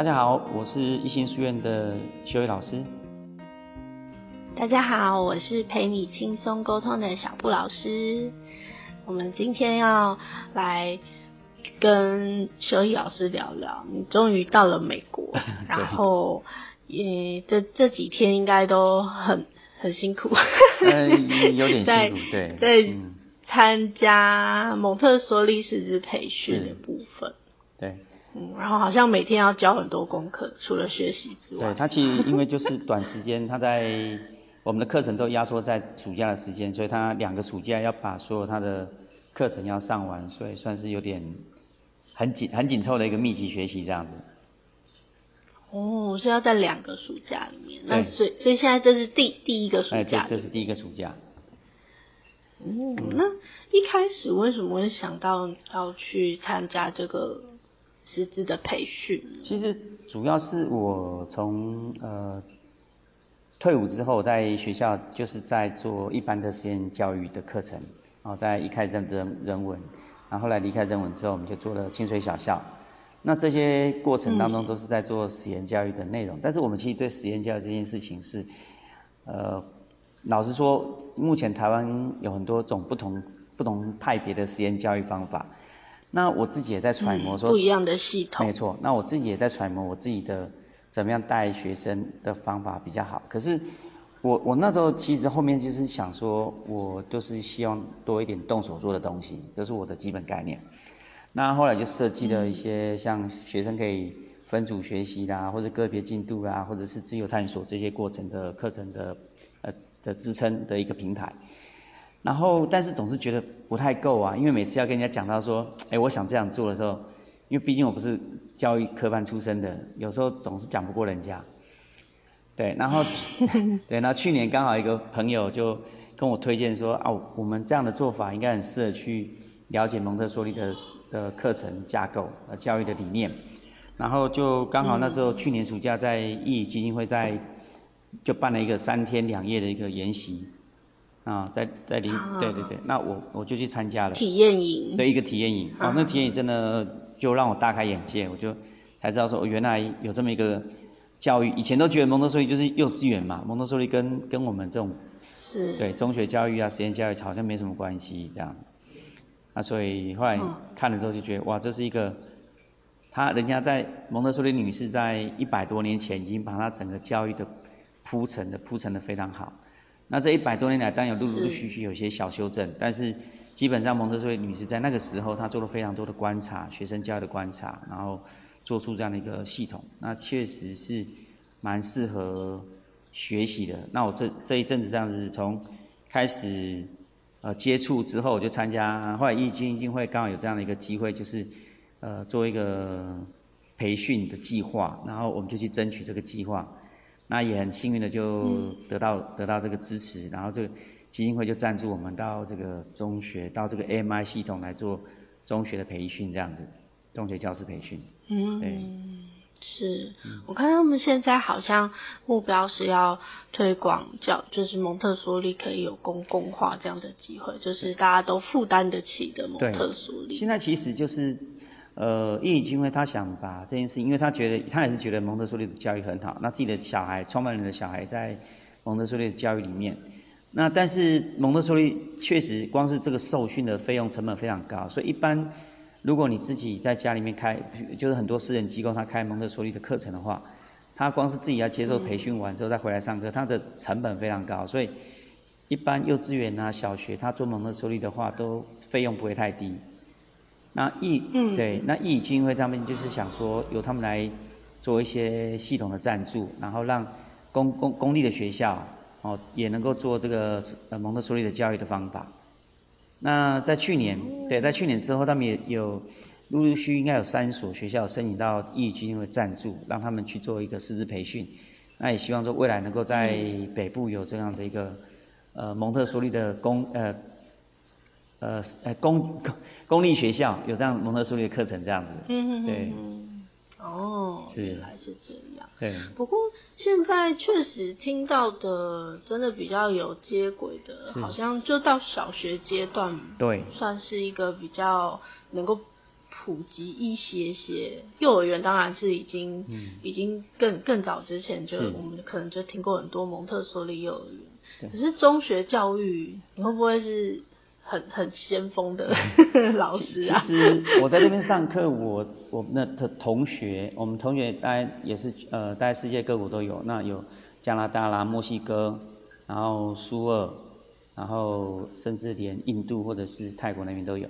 大家好，我是一心書院的修義老師。大家好，我是陪你輕鬆溝通的小布老師。我們今天要來跟修義老師聊聊，你終於到了美國，然後也這 對、欸、這幾天應該都很很辛苦、呃，有點辛苦， 在對，在參加蒙特梭利師資培訓的部分。對。嗯，然後好像每天要教很多功課，除了學習之外，對，他其實因為就是短時間， 他在我們的課程都壓縮在暑假的時間，所以他兩個暑假要把所有他的課程要上完，所以算是有點很緊很緊湊的一個密集學習這樣子。哦，是要在兩個暑假裡面，那所以對所以現在這是第第一個暑假，哎，這這是第一個暑假。哦、嗯，那一開始為什麼會想到要去參加這個？師資的培訓，其實主要是我從呃退伍之後，在學校就是在做一般的實驗教育的課程，然後在一開始人人文，然後,後來離開人文之後，我們就做了清水小校。那這些過程當中都是在做實驗教育的內容，嗯、但是我們其實對實驗教育這件事情是呃老實說，目前台灣有很多種不同不同派別的實驗教育方法。那我自己也在揣摩說，嗯，不一樣的系統，沒錯。那我自己也在揣摩我自己的怎麼樣帶學生的方法比較好。可是我我那時候其實後面就是想說，我就是希望多一點動手做的東西，這是我的基本概念。那後來就設計了一些像學生可以分組學習啦，或者個別進度啊，或者是自由探索這些過程的課程的呃的支撐的一個平台。然後，但是總是覺得不太夠啊，因為每次要跟人家講到說，哎，我想這樣做的時候，因為畢竟我不是教育科班出身的，有時候總是講不過人家。對，然後， 對，那去年剛好一個朋友就跟我推薦說啊，我們這樣的做法應該很適合去了解蒙特梭利的的課程架構和教育的理念。然後就剛好那時候、嗯、去年暑假在毅宇基金會在就辦了一個三天兩夜的一個研習。啊，在在離、啊、對對對，那我我就去參加了體驗營，對一個體驗營，哦、啊，那體驗營真的就讓我大開眼界，啊、我就才知道說，我原來有這麼一個教育，以前都覺得蒙特梭利就是幼稚園嘛，蒙特梭利跟跟我們這種是對中學教育啊、實驗教育好像沒什麼關係這樣，啊，所以後來看了之後就覺得哇，這是一個，他人家在蒙特梭利女士在一百多年前已經把她整個教育的鋪陳的鋪陳的非常好。那這一百多年來，當然有陸陸續續有些小修正，嗯、但是基本上蒙特梭利女士在那個時候，她做了非常多的觀察，學生教育的觀察，然後做出這樣的一個系統，那確實是蠻適合學習的。那我這這一陣子這樣子從開始呃接觸之後，我就參加，後來易經基金會剛好有這樣的一個機會，就是呃做一個培訓的計劃，然後我們就去爭取這個計劃。那也很幸運的就得到、嗯、得到這個支持，然後這個基金會就贊助我們到這個中學，到這個 AI 系統來做中學的培訓，這樣子中學教師培訓。嗯，對，是我看他們現在好像目標是要推廣教，就是蒙特梭利可以有公共化這樣的機會，就是大家都負擔得起的蒙特梭利，現在其實就是。呃，因為他想把這件事，因為他覺得他也是覺得蒙特梭利的教育很好，那自己的小孩、創辦人的小孩在蒙特梭利的教育裡面。那但是蒙特梭利確實光是這個受訓的費用成本非常高，所以一般如果你自己在家裡面開，就是很多私人機構他開蒙特梭利的課程的話，他光是自己要接受培訓完之後再回來上課，他的成本非常高，所以一般幼稚園啊、小學他做蒙特梭利的話，都費用不會太低。那義嗯對，那義宇基金會他們就是想說由他們來做一些系統的贊助，然後讓公公公立的學校哦也能夠做這個呃蒙特梭利的教育的方法。那在去年對，在去年之後，他們也有陸陸續應該有三所學校申請到義宇基金會贊助，讓他們去做一個師資培訓。那也希望說未來能夠在北部有這樣的一個、嗯、呃蒙特梭利的公呃呃公公、呃公立學校有這樣蒙特梭利的課程，這樣子。嗯嗯嗯。對。哦。是。原來是這樣。對。不過現在確實聽到的，真的比較有接軌的，是好像就到小學階段，對，算是一個比較能夠普及一些些。對幼兒園當然是已經，嗯，已經更更早之前就我們可能就聽過很多蒙特梭利幼兒園。對可是中學教育，你會不會是？很很先鋒的老師。 其實我在這邊上課，我我們的同學，我們同學大家也是呃，大家世界各國都有，那有加拿大啦、墨西哥，然後蘇俄，然後甚至連印度或者是泰國那邊都有。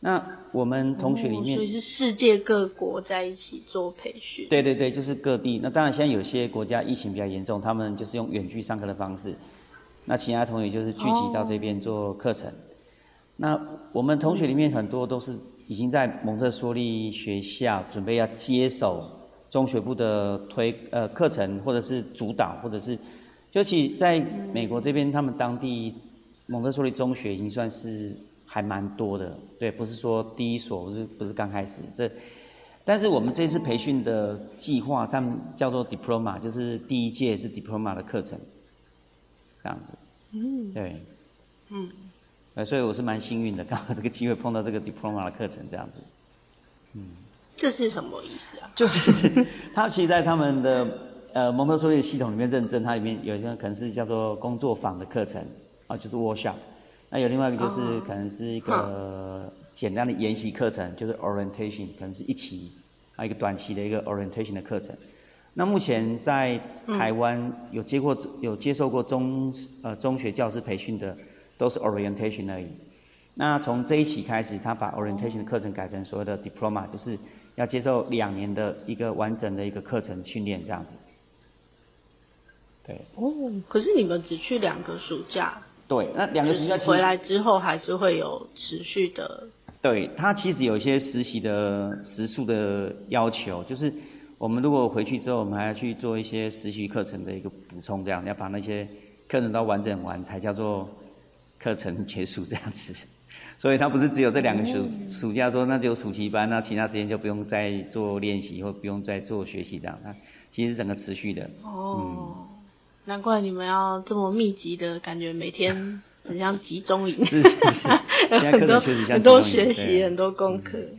那我們同學裡面所以、嗯、是世界各國在一起做培訓，對對對，就是各地。那當然現在有些國家疫情比較嚴重，他們就是用遠距上課的方式，那其他同學就是聚集到這邊做課程。哦那我們同學裡面很多都是已經在蒙特梭利學校準備要接手中學部的推呃、課程，或者是主導，或者是尤其在美國這邊，他們當地蒙特梭利中學已經算是還蠻多的。對，不是說第一所，不是不是剛開始這。但是我們這次培訓的計劃，他們叫做 Diploma，就是第一屆是 Diploma 的課程這樣子。嗯。對。嗯。呃，所以我是蠻幸運的，剛好這個機會碰到這個 diploma 的課程這樣子。嗯。這是什麼意思啊？就是呵呵他其實，在他們的呃蒙特梭利系統裡面認證，它裡面有一些可能是叫做工作坊的課程啊，就是 workshop。那有另外一個就是可能是一個簡單的研習課程，就是 orientation，可能是一期，還、啊、有一個短期的一個 orientation 的課程。那目前在台灣有接過有接受過中呃中學教師培訓的，都是 orientation 而已。那從這一期開始，他把 orientation 的課程改成所謂的 diploma，就是要接受兩年的一個完整的一個課程訓練這樣子。對。哦，可是你們只去兩個暑假。對，那兩個暑假回來之後還是會有持續的。對，他其實有一些實習的時數的要求，就是我們如果回去之後，我們還要去做一些實習課程的一個補充，這樣要把那些課程都完整完才叫做。課程結束這樣子，所以他不是只有這兩個暑、嗯、暑假說，那就暑期班，那其他時間就不用再做練習或不用再做學習這樣。他其實是整個持續的。哦，嗯、難怪你們要這麼密集的感覺，每天很像集中營。是是是， 很多現在課程像集中營很多學習，啊、很多功課、嗯。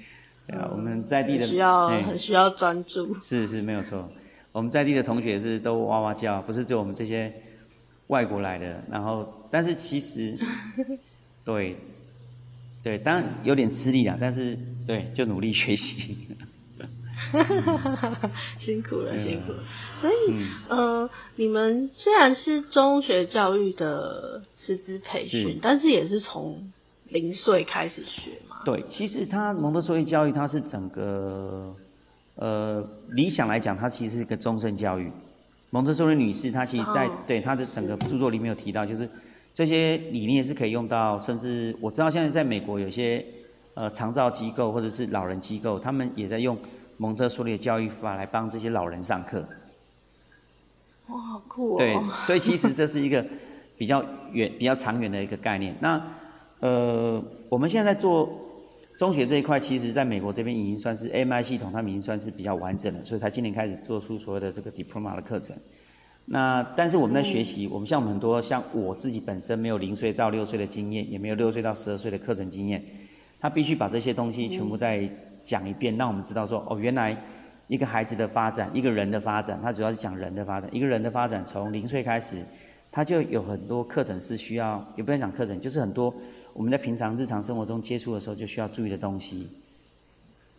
對啊，嗯、我們在地的需要很需要專、欸、注。是是，沒有錯。我們在地的同學是都哇哇叫，不是就我們這些外國來的，然後但是其實， 對，對，當然有點吃力啊，但是對，就努力學習。哈哈哈哈哈，辛苦了，辛苦了。所以、嗯、呃，你們雖然是中學教育的師資培訓，是但是也是從零歲開始學嘛。對，其實他蒙特梭利教育，它是整個呃理想來講，它其實是一個終身教育。蒙特梭利女士，她其實在對她的整個著作裡面有提到，就是這些理念是可以用到，甚至我知道現在在美國有些呃長照機構或者是老人機構，他們也在用蒙特梭利的教育法來幫這些老人上課。哇，好酷哦！對，所以其實這是一個比較遠、比較長遠的一個概念。那呃，我們現在在做。中學這一塊，其實在美國這邊已經算是 AMI 系統，它已經算是比較完整的，所以他今年開始做出所謂的這個 diploma 的課程。那但是我們在學習，我們像我們很多像我自己本身沒有零歲到六歲的經驗，也沒有六歲到十二歲的課程經驗，他必須把這些東西全部再講一遍，嗯、讓我們知道說，哦，原來一個孩子的發展，一個人的發展，他主要是講人的發展。一個人的發展從零歲開始，他就有很多課程是需要，也不用講課程，就是很多。我們在平常日常生活中接觸的時候，就需要注意的東西，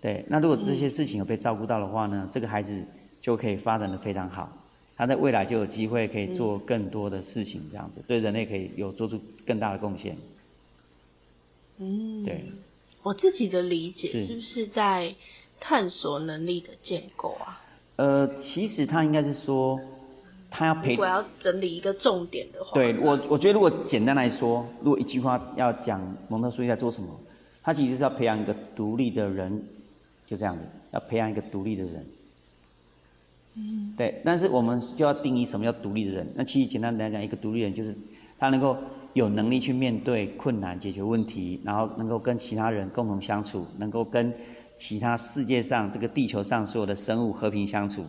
對。那如果這些事情有被照顧到的話呢，嗯、這個孩子就可以發展得非常好，他在未來就有機會可以做更多的事情，這樣子、嗯、對人類可以有做出更大的貢獻。嗯，對。我自己的理解是不是在探索能力的建構啊？呃，其實他應該是說。他要培。我要整理一個重點的話。對，我我覺得如果簡單來說，如果一句話要講蒙特梭利在做什麼，他其實是要培養一個獨立的人，就這樣子，要培養一個獨立的人。嗯。對，但是我們就要定義什麼叫獨立的人。那其實簡單來講，一個獨立人就是他能夠有能力去面對困難、解決問題，然後能夠跟其他人共同相處，能夠跟其他世界上這個地球上所有的生物和平相處。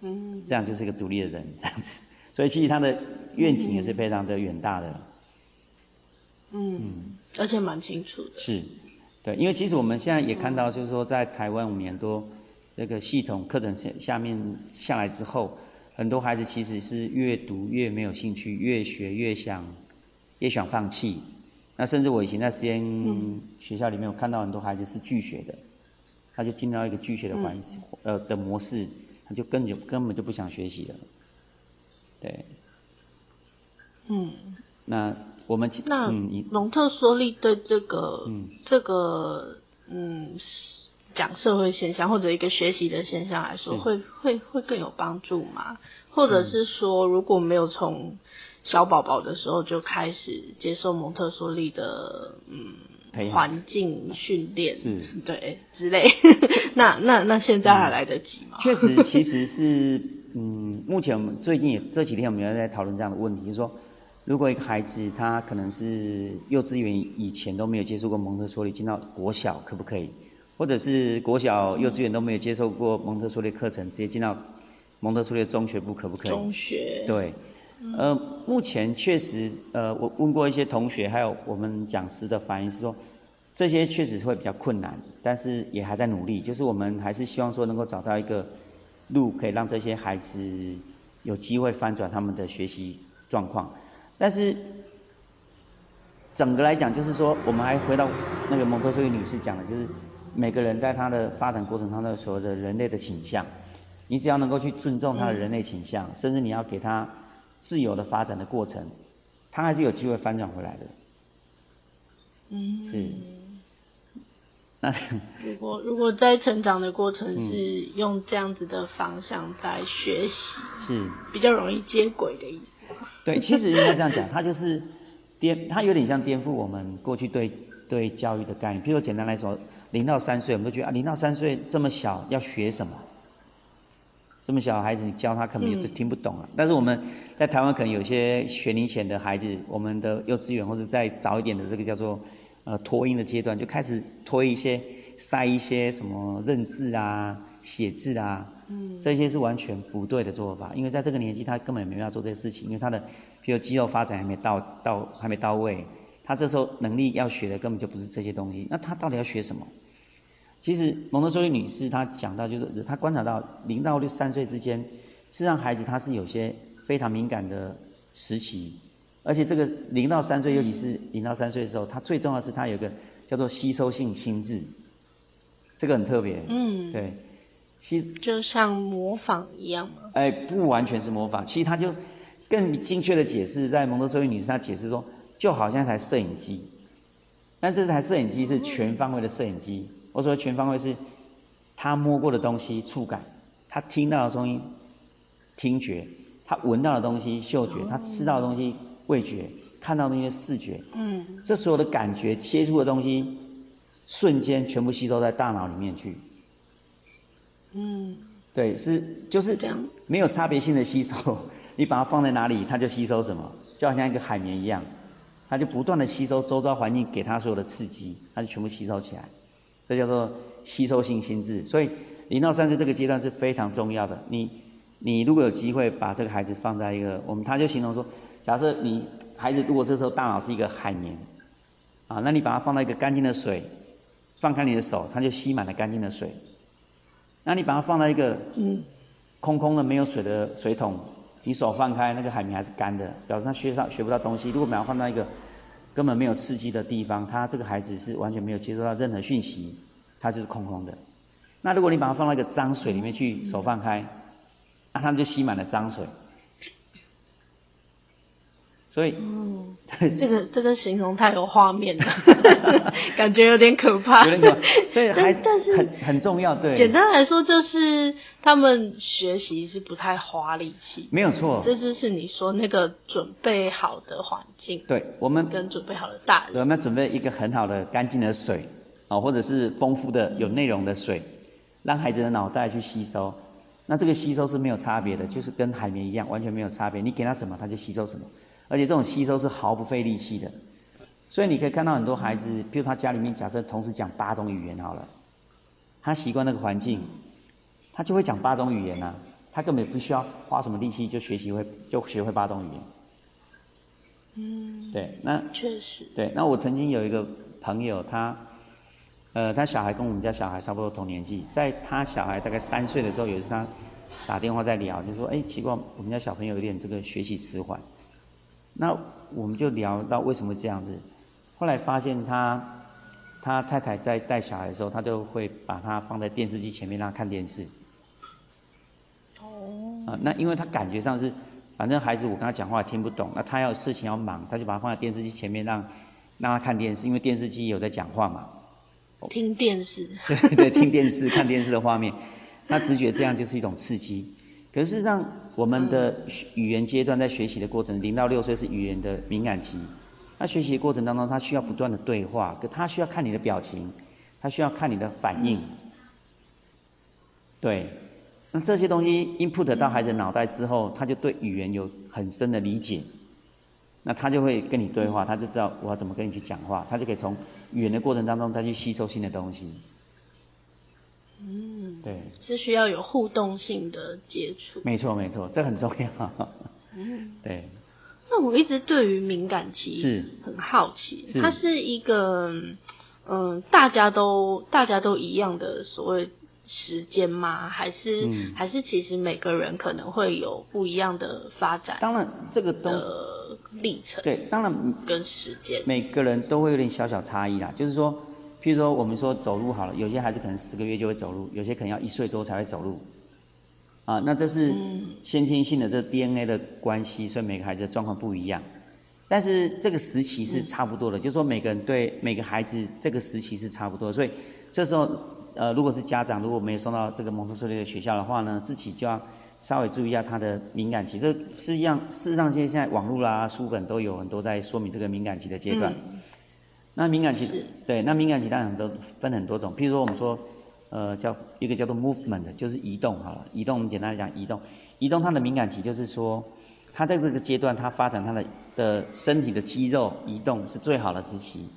嗯，這樣就是一個獨立的人，這樣子，所以其實他的願景也是非常的遠大的。嗯，嗯，而且蠻清楚的。是，對，因為其實我們現在也看到，就是說在台灣五年多這個系統課程下下面下來之後，很多孩子其實是越讀越沒有興趣，越學越想越想放棄。那甚至我以前在實驗學校裡面有看到很多孩子是拒學的，他就進到一個拒學的環、嗯、呃的模式。他就根本就根本就不想學習了，對。嗯。那我們其、嗯、那蒙特梭利對這個、嗯、這個嗯講社會現象或者一個學習的現象來說，是會會會更有幫助嗎？或者是說，嗯、如果沒有從小寶寶的時候就開始接受蒙特梭利的嗯？環境訓練是，對，之類。 那那那現在還來得及嗎？嗯、確實，其實是，嗯，目前我們最近這幾天，我們也在討論這樣的問題，就是說，如果一個孩子他可能是幼稚園以前都沒有接觸過蒙特梭利，進到國小可不可以？或者是國小幼稚園都沒有接受過蒙特梭利課程，直接進到蒙特梭利的中學部可不可以？中學，對。呃，目前確實，呃，我問過一些同學，還有我們講師的反應是說，這些確實是會比較困難，但是也還在努力。就是我們還是希望說能夠找到一個路，可以讓這些孩子有機會翻轉他們的學習狀況。但是，整個來講就是說，我們還回到那個蒙特梭利女士講的，就是每個人在他的發展過程中的所謂的人類的傾向，你只要能夠去尊重他的人類傾向，嗯、甚至你要給他。自由的發展的過程，他還是有機會翻轉回來的。嗯，是。那如果如果在成長的過程是用這樣子的方向在學習，嗯，是比較容易接軌的意思。對，其實應該這樣講，它就是顛，它有點像顛覆我們過去對對教育的概念。譬如簡單來說，零到三歲，我們都覺得啊，零到三歲這麼小要學什麼？這麼小孩子你教他可能就聽不懂了。嗯、但是我們在台灣可能有些學齡前的孩子，我們的幼稚園或者再早一點的這個叫做呃托嬰的階段，就開始推一些塞一些什麼認字啊、寫字啊，嗯，這些是完全不對的做法，因為在這個年紀他根本也沒辦法做這些事情，因為他的譬如肌肉發展還沒到到還沒到位，他這時候能力要學的根本就不是這些東西，那他到底要學什麼？其實蒙特梭利女士她講到，就是她觀察到零到六三歲之間，事實上孩子他是有些非常敏感的時期，而且這個零到三歲，尤其是零到三歲的時候，他最重要的是他有一個叫做吸收性心智，這個很特別。嗯，對，吸就像模仿一樣嗎？哎、欸，不完全是模仿。其實他就更精確的解釋，在蒙特梭利女士她解釋說，就好像一台攝影機，但這台攝影機是全方位的攝影機。嗯我說全方位是，他摸過的東西觸感，他聽到的東西聽覺，他聞到的東西嗅覺，他吃到的東西味覺，看到的東西視覺，嗯，這所有的感覺接觸的東西，瞬間全部吸收在大腦裡面去。嗯，對，是就是這樣，沒有差別性的吸收，你把它放在哪裡，它就吸收什麼，就好像一個海綿一樣，它就不斷的吸收周遭環境給它所有的刺激，它就全部吸收起來。這叫做吸收性心智，所以零到三歲這個階段是非常重要的。你你如果有機會把這個孩子放在一個，我們他就形容說，假設你孩子如果這時候大腦是一個海綿啊，那你把它放到一個乾淨的水，放開你的手，它就吸滿了乾淨的水。那你把它放到一個嗯空空的沒有水的水桶，你手放開，那個海綿還是乾的，表示他學上學不到東西。如果把它放到一個根本沒有刺激的地方，他這個孩子是完全沒有接收到任何訊息，他就是空空的。那如果你把他放到一個髒水裡面去，手放開，那、啊、他就吸滿了髒水。所以，嗯、是這個這個形容太有畫面了， 感覺有點，有點可怕。所以還，但是很以很重要。對，簡單來說就是他們學習是不太花力氣。沒有錯，對嗯、這就是你說那個準備好的環境。對，我們跟準備好的大人，我們要準備一個很好的、乾淨的水啊、哦，或者是豐富的有內容的水，嗯、讓孩子的腦袋去吸收。那這個吸收是沒有差別的，就是跟海綿一樣，完全沒有差別。你給他什麼，他就吸收什麼。而且這種吸收是毫不費力氣的，所以你可以看到很多孩子，比如他家裡面假設同時講八種語言好了，他習慣那個環境，他就會講八種語言吶，他根本不需要花什麼力氣就學習會就學會八種語言。嗯，對，那確實，對，那我曾經有一個朋友，他呃他小孩跟我們家小孩差不多同年紀，在他小孩大概三歲的時候，有一次他打電話在聊，就說哎，奇怪，我們家小朋友有點這個學習遲緩。那我們就聊到為什麼這樣子，後來發現他他太太在帶小孩的時候，他就會把他放在電視機前面，讓他看電視。哦。啊，那因為他感覺上是，反正孩子我跟他講話聽不懂，那他要有事情要忙，他就把他放在電視機前面讓讓他看電視，因為電視機有在講話嘛。聽電視。對對對，聽電視，看電視的畫面，那直覺這樣就是一種刺激。可是事實上，我們的語言階段在學習的過程，零到六歲是語言的敏感期。那學習的過程當中，他需要不斷的對話，可他需要看你的表情，他需要看你的反應。對，那這些東西 input 到孩子腦袋之後，他就對語言有很深的理解。那他就會跟你對話，他就知道我要怎麼跟你去講話，他就可以從語言的過程當中，再去吸收新的東西。嗯，對，是需要有互動性的接觸。沒錯，沒錯，這很重要。嗯， 對。那我一直對於敏感期是很好奇，是它是一個嗯，大家都大家都一樣的所謂時間嗎？還是、嗯、還是其實每個人可能會有不一樣的發展的當？當然，這個的歷程對，當然跟時間，每個人都會有點小小差異啦，就是說。比如說我們說走路好了，有些孩子可能十個月就會走路，有些可能要一歲多才會走路啊。那這是先天性的，這 DNA 的關係，所以每個孩子的狀況不一樣。但是這個時期是差不多的，嗯、就是說每個人對每個孩子這個時期是差不多的，所以這時候呃，如果是家長如果沒有送到這個蒙特梭利的學校的話呢，自己就要稍微注意一下他的敏感期。這實際上事實上現在網絡啦、啊、書本都有很多在說明這個敏感期的階段。嗯那敏感期是對，那敏感期當然都分很多種，譬如說我們說呃叫一個叫做 movement 的就是移動好了，移動我們簡單來講移動，移動它的敏感期就是說它在這個階段它發展它的的身體的肌肉移動是最好的時期。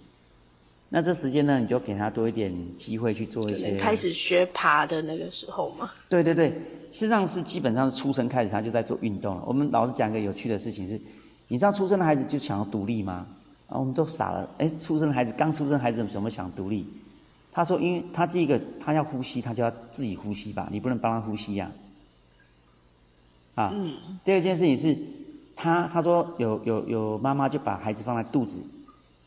那這時間呢，你就給他多一點機會去做一些。開始學爬的那個時候嘛。對對對，事實上是基本上是出生開始他就在做運動了。我們老師講一個有趣的事情是，你知道出生的孩子就想要獨立嗎？啊，我們都傻了。哎、欸，出生的孩子，剛出生的孩子怎麼想獨立？他說，因為他這個他要呼吸，他就要自己呼吸吧，你不能幫他呼吸呀，啊。啊，嗯、第二件事情是他，他說有有有媽媽就把孩子放在肚子，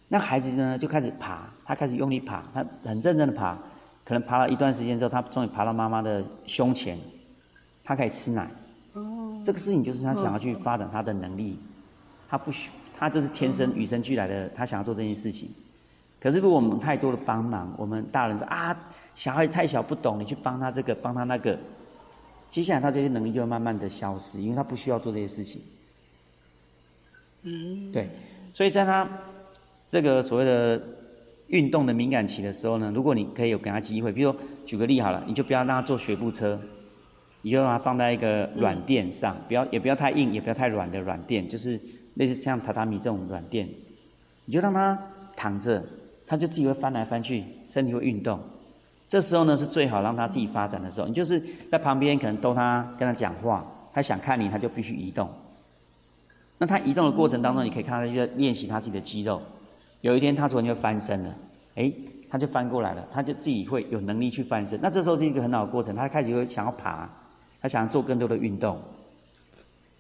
那孩子呢就開始爬，他開始用力爬，他很認真的爬，可能爬了一段時間之後，他終於爬到媽媽的胸前，他可以吃奶。嗯、這個事情就是他想要去發展他的能力，他不需。他這是天生與生俱來的，他想要做這件事情。可是如果我們太多的幫忙，我們大人說啊，小孩太小不懂，你去幫他這個，幫他那個，接下來他這些能力就會慢慢的消失，因為他不需要做這些事情。嗯。對，所以在他這個所謂的運動的敏感期的時候呢，如果你可以有給他機會，比如說舉個例好了，你就不要讓他坐學步車，你就讓他放在一個軟墊上，不要、嗯、也不要太硬，也不要太軟的軟墊，就是。類似像榻榻米這種軟墊，你就讓他躺着，他就自己會翻來翻去，身體會運動。這時候呢是最好讓他自己發展的時候。你就是在旁邊可能逗他，跟他講話，他想看你，他就必須移動。那他移動的過程當中，你可以看到他就在練習他自己的肌肉。有一天他突然就翻身了，欸，他就翻過來了，他就自己會有能力去翻身。那這時候是一個很好的過程，他開始會想要爬，他想要做更多的運動，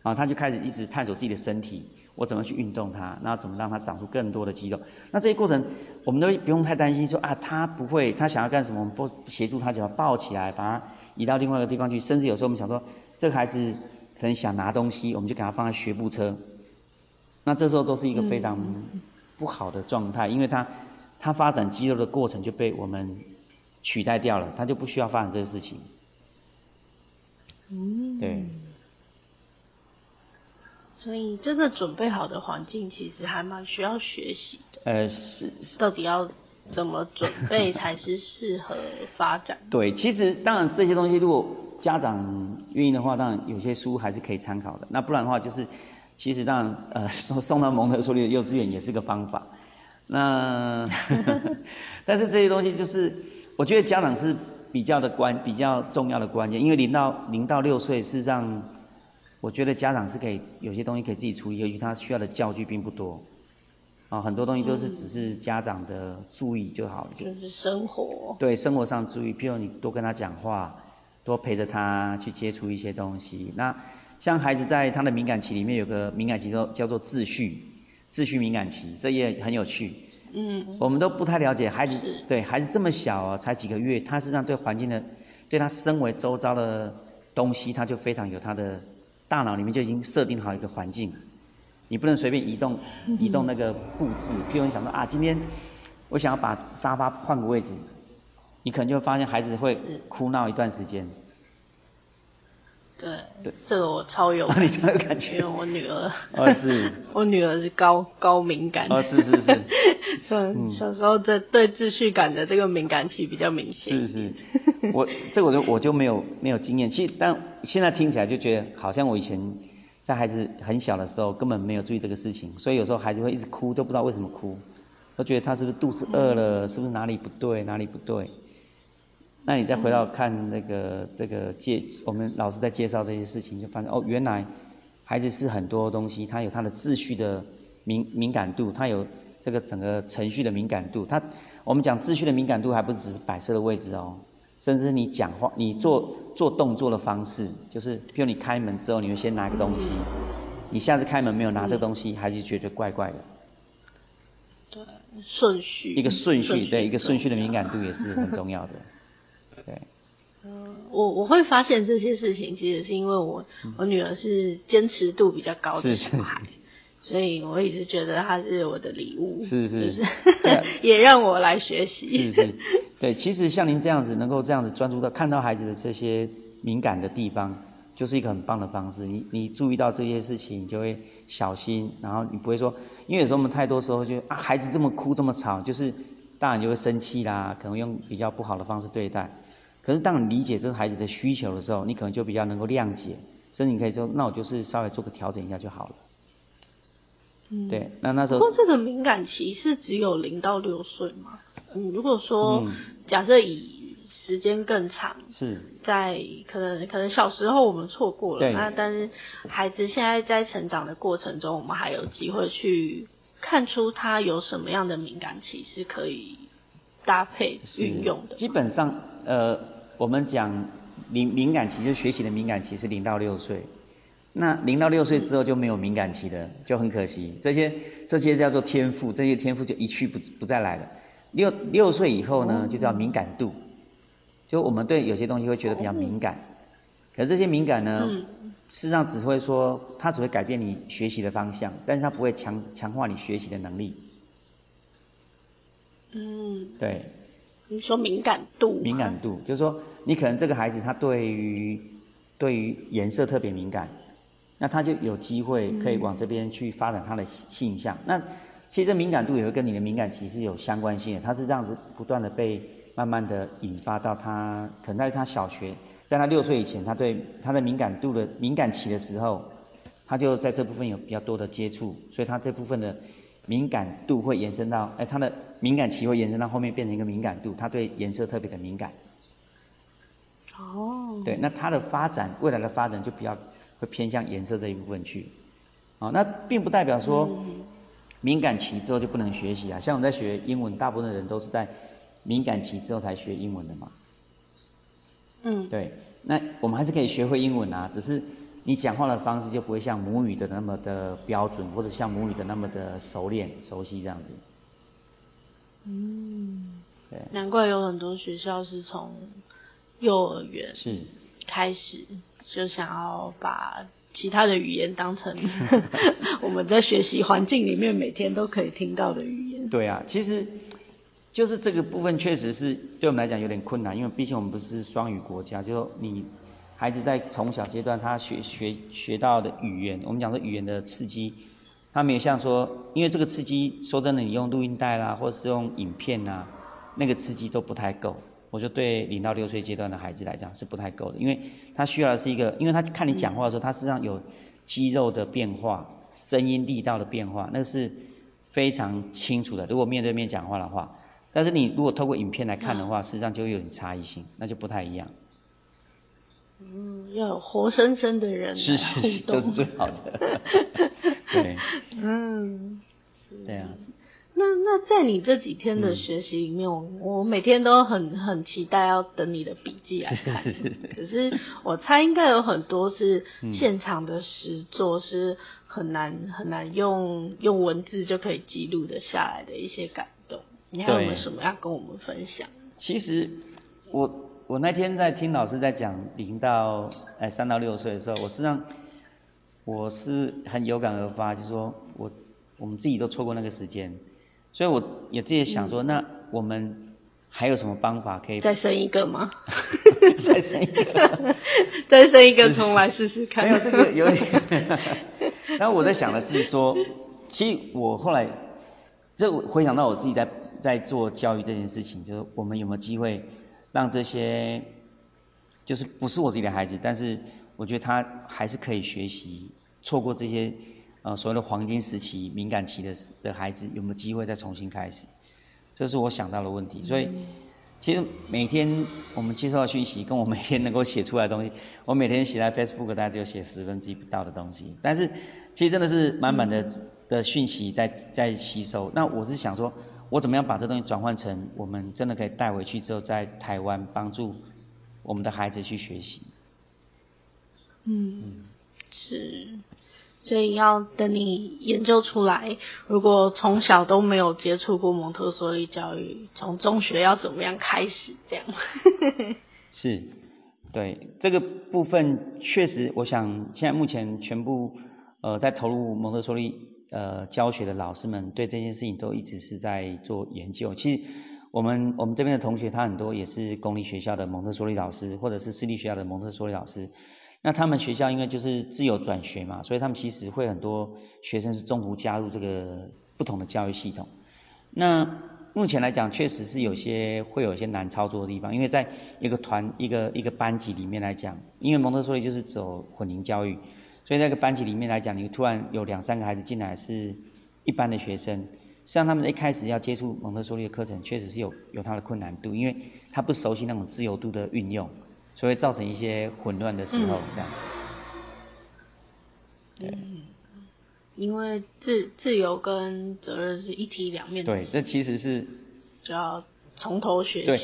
啊，他就開始一直探索自己的身體。我怎麼去運動它？然後怎麼讓它長出更多的肌肉？那這些過程，我們都不用太擔心說，說啊，他不會，他想要幹什麼？我們不協助他，就要抱起來，把它移到另外一個地方去。甚至有時候我們想說，這個孩子可能想拿東西，我們就給他放在學步車。那這時候都是一個非常不好的狀態，因為他他發展肌肉的過程就被我們取代掉了，他就不需要發展這些事情。嗯，對。所以真的準備好的環境其實還蠻需要學習的。呃，是。到底要怎麼準備才是適合發展，呃？發展對，其實當然這些東西如果家長願意的話，當然有些書還是可以參考的。那不然的話就是，其實當然呃，送到蒙特梭利的幼稚園也是個方法。那， 但是這些東西就是我覺得家長是比較的關比較重要的關鍵，因為零到零到六歲是讓。我覺得家長是可以有些東西可以自己處理，尤其他需要的教具並不多啊，很多東西都是只是家長的注意就好了、嗯，就是生活對生活上注意，譬如你多跟他講話，多陪着他去接觸一些東西。那像孩子在他的敏感期裡面有個敏感期叫叫做秩序秩序敏感期，這也很有趣。嗯，我們都不太了解孩子，是對孩子這麼小、啊、才幾個月，他實際上對環境的對他身為周遭的東西，他就非常有他的。大腦裡面就已經設定好一個環境，你不能隨便移動移動那個布置。嗯哼。譬如你想說啊，今天我想要把沙發換個位置，你可能就會發現孩子會哭鬧一段時間。對，對，這個我超有、哦，你超有感覺，因為我女兒，啊、哦、是， 我女兒是高高敏感，哦，是是是，是 所以小時候對對秩序感的這個敏感期比較明顯，是是，我這個、我就我就沒有沒有經驗，其實但現在聽起來就覺得，好像我以前在孩子很小的時候根本沒有注意這個事情，所以有時候孩子會一直哭，都不知道為什麼哭，都覺得他是不是肚子餓了，嗯、是不是哪裡不對，哪裡不對。那你再回到看那個、嗯、這個介，我們老師在介紹這些事情，就發現哦，原來孩子是很多東西，他有他的秩序的敏敏感度，他有這個整個程序的敏感度，他我們講秩序的敏感度還不只是擺設的位置哦，甚至你講話、你做做動作的方式，就是譬如你開門之後，你會先拿一個東西，嗯、你下次開門沒有拿這個東西，孩子就覺得怪怪的。對，順序。一個順序，序對，一個順序的敏感度也是很重要的。 對，嗯，我我會發現這些事情，其實是因為我、嗯、我女兒是堅持度比較高的女孩，是是是，所以我一直覺得她是我的禮物，是是是，就是啊、也讓我來學習，是是，對，其實像您這樣子，能夠這樣子專注到看到孩子的這些敏感的地方，就是一個很棒的方式。你你注意到這些事情，你就會小心，然後你不會說，因為有時候我們太多時候就啊孩子這麼哭這麼吵，就是大人就會生氣啦，可能用比較不好的方式對待。可是當你理解這個孩子的需求的時候，你可能就比較能夠諒解，所以你可以說，那我就是稍微做個調整一下就好了。嗯，對，那那時候。不過這個敏感期是只有零到六歲嗎？嗯，如果說、嗯、假設以時間更長，是，在可能可能小時候我們錯過了，對那但是孩子現在在成長的過程中，我們還有機會去看出他有什麼樣的敏感期是可以搭配運用的。基本上，呃。我們講敏敏感期，就學習的敏感期是零到六歲。那零到六歲之後就沒有敏感期的，嗯、就很可惜。這些這些叫做天賦，這些天賦就一去不不再來了。六六歲以後呢，就叫敏感度，嗯、就我們對有些東西會覺得比較敏感。嗯、可是這些敏感呢，嗯、事實上只會說，它只會改變你學習的方向，但是它不會強強化你學習的能力。嗯。對。你說敏感度，敏感度就是說，你可能這個孩子他對於對於顏色特別敏感，那他就有機會可以往這邊去發展他的性向。嗯。那其實這敏感度也會跟你的敏感期是有相關性的，他是這樣子不斷的被慢慢的引發到他可能在他小學，在他六歲以前，他對他的敏感度的敏感期的時候，他就在這部分有比較多的接觸，所以他這部分的。敏感度會延伸到，哎，它的敏感期會延伸到後面變成一個敏感度，它對顏色特別的敏感。哦。Oh. 對，那它的發展，未來的發展就比較會偏向顏色這一部分去。哦，那並不代表說、mm. 敏感期之後就不能學習啊，像我們在學英文，大部分的人都是在敏感期之後才學英文的嘛。嗯。Mm. 對，那我們還是可以學會英文啊，只是。你講話的方式就不會像母語的那麼的標準，或者像母語的那麼的熟練、熟悉這樣子。嗯，對，難怪有很多學校是從幼兒園開始就想要把其他的語言當成 我們在學習環境裡面每天都可以聽到的語言。對啊，其實就是這個部分確實是對我們來講有點困難，因為畢竟我們不是雙語國家，就你。孩子在從小階段，他學學學到的語言，我們講說語言的刺激，他沒有像說，因為這個刺激，說真的，你用錄音帶啦，或者是用影片啊，那個刺激都不太夠。我就對零到六歲階段的孩子來講是不太夠的，因為他需要的是一個，因為他看你講話的時候，他實際上有肌肉的變化，聲音力道的變化，那是非常清楚的，如果面對面講話的話，但是你如果透過影片來看的話，實際上就會有點差異性，那就不太一樣。嗯，要有活生生的人是，是是，都、就是最好的。 對，嗯，是對啊。那那在你這幾天的學習裡面，我、嗯、我每天都很很期待要等你的筆記來看。是，是是是。可是我猜應該有很多是現場的實作，是很難、嗯、很難用用文字就可以記錄的下來的一些感動。你還有沒有什麼要跟我們分享？其實我。嗯我那天在聽老師在講零到哎三、欸、到六歲的時候，我實際上我是很有感而發，就說我我們自己都錯過那個時間，所以我也自己想說，嗯、那我們還有什麼方法可以再生一個嗎？ 再生一個， 再生一個，重來試試看。 沒有這個有點。然後 我在想的是說，其實我後來這回想到我自己在在做教育這件事情，就是我們有沒有機會？讓這些，就是不是我自己的孩子，但是我覺得他還是可以學習錯過這些呃所謂的黃金時期、敏感期的的，孩子有沒有機會再重新開始？這是我想到的問題。所以其實每天我們接收到訊息，跟我每天能夠寫出來的東西，我每天寫在 Facebook 大概只有寫十分之一不到的東西，但是其實真的是滿滿的、嗯、的訊息在在吸收。那我是想說。我怎麼樣把這東西轉換成我們真的可以帶回去之後，在台灣幫助我們的孩子去學習？嗯，嗯，是，所以要等你研究出來。如果從小都沒有接觸過蒙特梭利教育，從中學要怎麼樣開始？這樣， 是，對這個部分確實，我想現在目前全部呃在投入蒙特梭利。呃，教學的老師們對這件事情都一直是在做研究。其實我們我們這邊的同學，他很多也是公立學校的蒙特梭利老師，或者是私立學校的蒙特梭利老師。那他們學校因為就是自由轉學嘛，所以他們其實會很多學生是中途加入這個不同的教育系統。那目前來講，確實是有些會有一些難操作的地方，因為在一個團一個一個班級裡面來講，因為蒙特梭利就是走混齡教育。所以，在一個班級裡面來講，你突然有兩三個孩子進來是一般的學生，像他們一開始要接觸蒙特梭利的課程，確實是有有他的困難度，因為他不熟悉那種自由度的運用，所以造成一些混亂的時候，嗯、這樣子。對。因為自自由跟責任是一體兩面的。對，這其實是。就要從頭學習。對。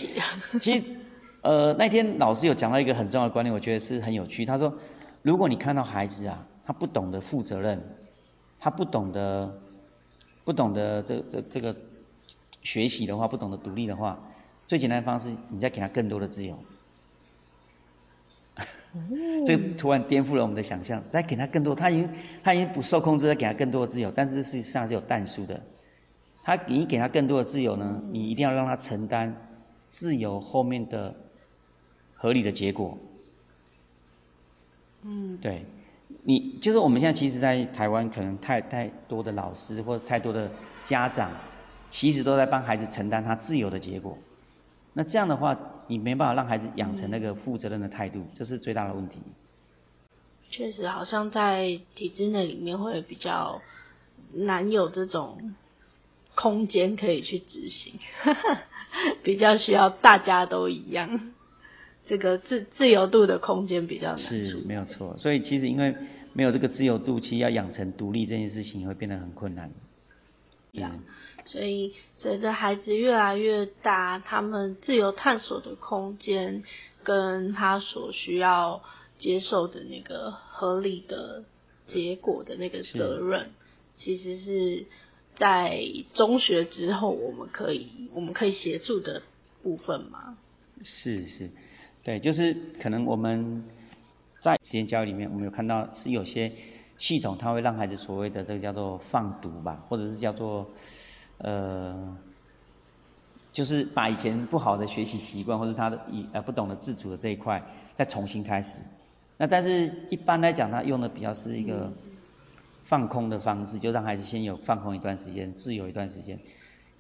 其實，呃，那天老師有講到一個很重要的觀念，我覺得是很有趣。他說。如果你看到孩子啊，他不懂得負責任，他不懂得不懂得這這這個學習的話，不懂得獨立的話，最簡單的方式，你再給他更多的自由。 這個突然顛覆了我們的想象，再給他更多，他已經他已經不受控制，再給他更多的自由，但是事實上是有但書的。他你給他更多的自由呢，你一定要讓他承擔自由後面的合理的結果。嗯，對，你就是我們現在其實，在台灣可能太太多的老師或者太多的家長，其實都在幫孩子承擔他自由的結果。那這樣的話，你沒辦法讓孩子養成那個負責任的態度，嗯、這是最大的問題。確實，好像在體制內裡面會比較難有這種空間可以去執行，呵呵，比較需要大家都一樣。這個自自由度的空間比較大是，沒有錯。所以其實因為沒有這個自由度，其實要養成獨立這件事情會變得很困難。對啊、嗯 yeah，所以隨着孩子越來越大，他們自由探索的空間跟他所需要接受的那個合理的結果的那個責任，是。其實是在中學之後我們可以我們可以協助的部分嘛。是是。對，就是可能我們在實驗教育裡面，我們有看到是有些系統，它會讓孩子所謂的這個叫做放毒吧，或者是叫做呃，就是把以前不好的學習習慣，或者他的以呃不懂得自主的這一塊，再重新開始。那但是一般來講，它用的比較是一個放空的方式，就讓孩子先有放空一段時間，自由一段時間。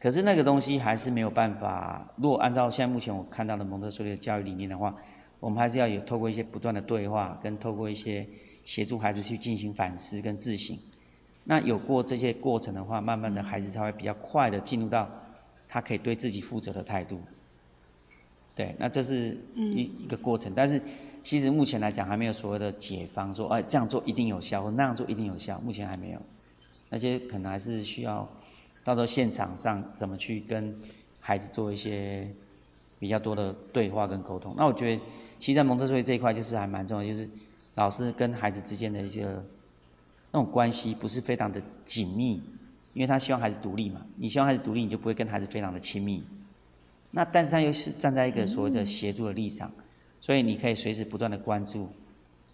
可是那個東西還是沒有辦法。如果按照現在目前我看到的蒙特梭利的教育理念的話，我們還是要有透過一些不斷的對話，跟透過一些協助孩子去進行反思跟自省。那有過這些過程的話，慢慢的孩子才會比較快的進入到他可以對自己負責的態度。對，那這是一、嗯、一個過程。但是其實目前來講，還沒有所謂的解方說，哎，這樣做一定有效，或那樣做一定有效。目前還沒有，那些可能還是需要。到時候現場上怎麼去跟孩子做一些比較多的對話跟溝通？那我覺得，其實在蒙特梭利這一塊就是還蠻重要，就是老師跟孩子之間的一些那種關係不是非常的緊密，因為他希望孩子獨立嘛，你希望孩子獨立，你就不會跟孩子非常的親密。那但是他又是站在一個所謂的協助的立場，所以你可以隨時不斷的關注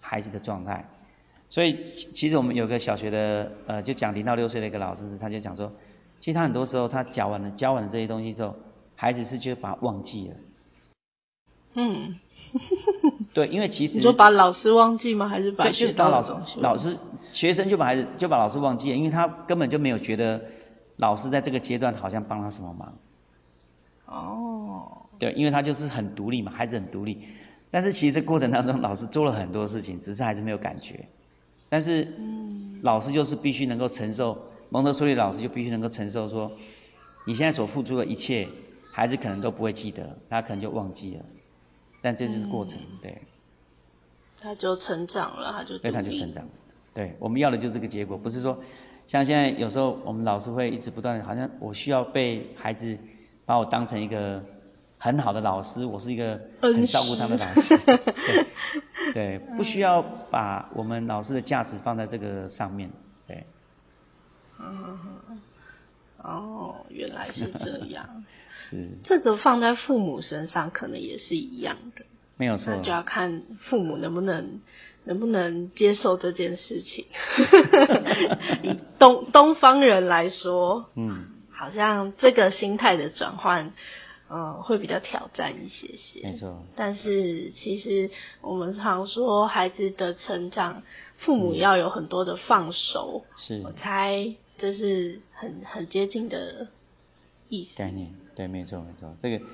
孩子的狀態。所以其實我們有個小學的呃，就講零到六歲的一個老師，他就講說。其實他很多時候，他教完了教完了這些東西之後，孩子是就把他忘記了。嗯。 對，因為其實。你說把老師忘記嗎？還是把學就是老師老師學生就把孩子就把老師忘記了，因為他根本就沒有覺得老師在這個階段好像幫他什麼忙。哦。對，因為他就是很獨立嘛，孩子很獨立。但是其實這過程當中，老師做了很多事情，只是孩子沒有感覺。但是。嗯。老師就是必須能夠承受。蒙特梭利老師就必須能夠承受說，你現在所付出的一切，孩子可能都不會記得，他可能就忘記了。但這就是過程，嗯、對。他就成長了，他就對他就成長。對，我們要的就是這個結果，嗯、不是說像現在有時候我們老師會一直不斷的，好像我需要被孩子把我當成一個很好的老師，我是一個很照顧他的老師。恩師 對對，不需要把我們老師的價值放在這個上面。啊、哦，哦，原來是這樣。 是這個放在父母身上，可能也是一樣的。沒有錯，那就要看父母能不能能不能接受這件事情。 以東東方人來說，嗯，好像這個心態的轉換，嗯、呃，會比較挑戰一些些。沒錯。但是其實我們常說，孩子的成長，父母要有很多的放手，嗯、是我猜。這是很很接近的意思概念，對，沒錯沒錯，這個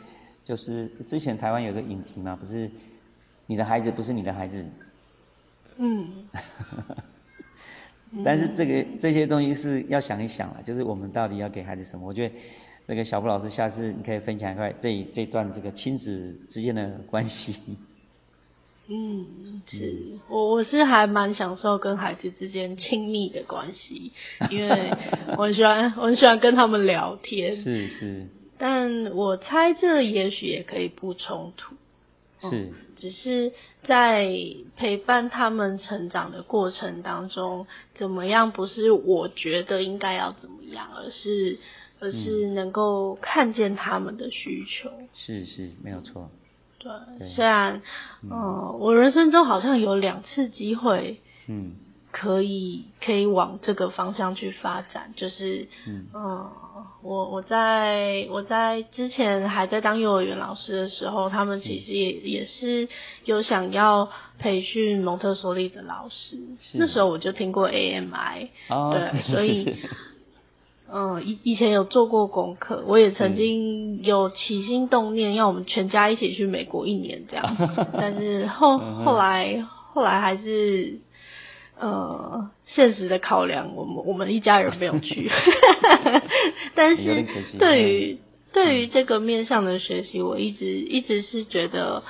就是之前台灣有個影集嘛，不是你的孩子不是你的孩子。嗯， 但是這個、嗯、這些東西是要想一想了，就是我們到底要給孩子什麼？我覺得這個小布老師下次你可以分享一塊這這段這個親子之間的關係。嗯，是，我我是還蠻享受跟孩子之間親密的關係，因為我很喜歡 我很喜歡跟他們聊天，是是。是但我猜這也許也可以不衝突，哦，是，只是在陪伴他們成長的過程當中，怎麼樣不是我覺得應該要怎麼樣，而是而是能夠看見他們的需求，是是，沒有錯。對，雖然，嗯，嗯，我人生中好像有兩次機會，嗯，可以可以往這個方向去發展，就是，嗯，嗯，我我在我在之前還在當幼兒園老師的時候，他們其實也是也是有想要培訓蒙特梭利的老師，是，那時候我就聽過 AMI，哦，對，是是是是，所以。嗯，以、呃、以前有做過功課，我也曾經有起心動念，要我們全家一起去美國一年這樣 但是後後來後來還是，呃，現實的考量，我們我們一家人沒有去， 但是對於 對於這個面向的學習，我一直一直是覺得。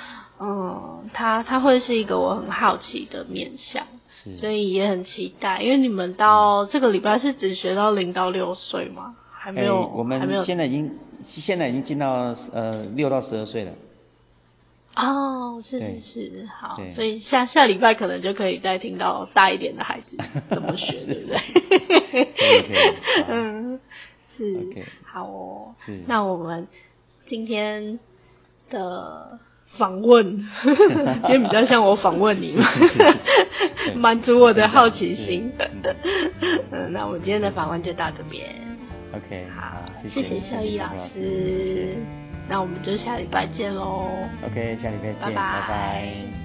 嗯，他他會是一個我很好奇的面向，所以也很期待。因為你們到這個禮拜是只學到零到六歲嗎？還沒有，我們還沒有，現在已經現在已經進到呃六到十二歲了。哦，是是是，好，所以下下禮拜可能就可以再聽到大一點的孩子怎麼學，對不對？對，嗯，是，好哦，那我們今天的。訪問，因為比較像我訪問你們，滿 是是 足我的好奇心。等等。嗯，是是 那我們今天的訪問就到這邊。OK，好，謝謝孝義老師。那我們就下禮拜見嘍。OK，下禮拜見，拜拜。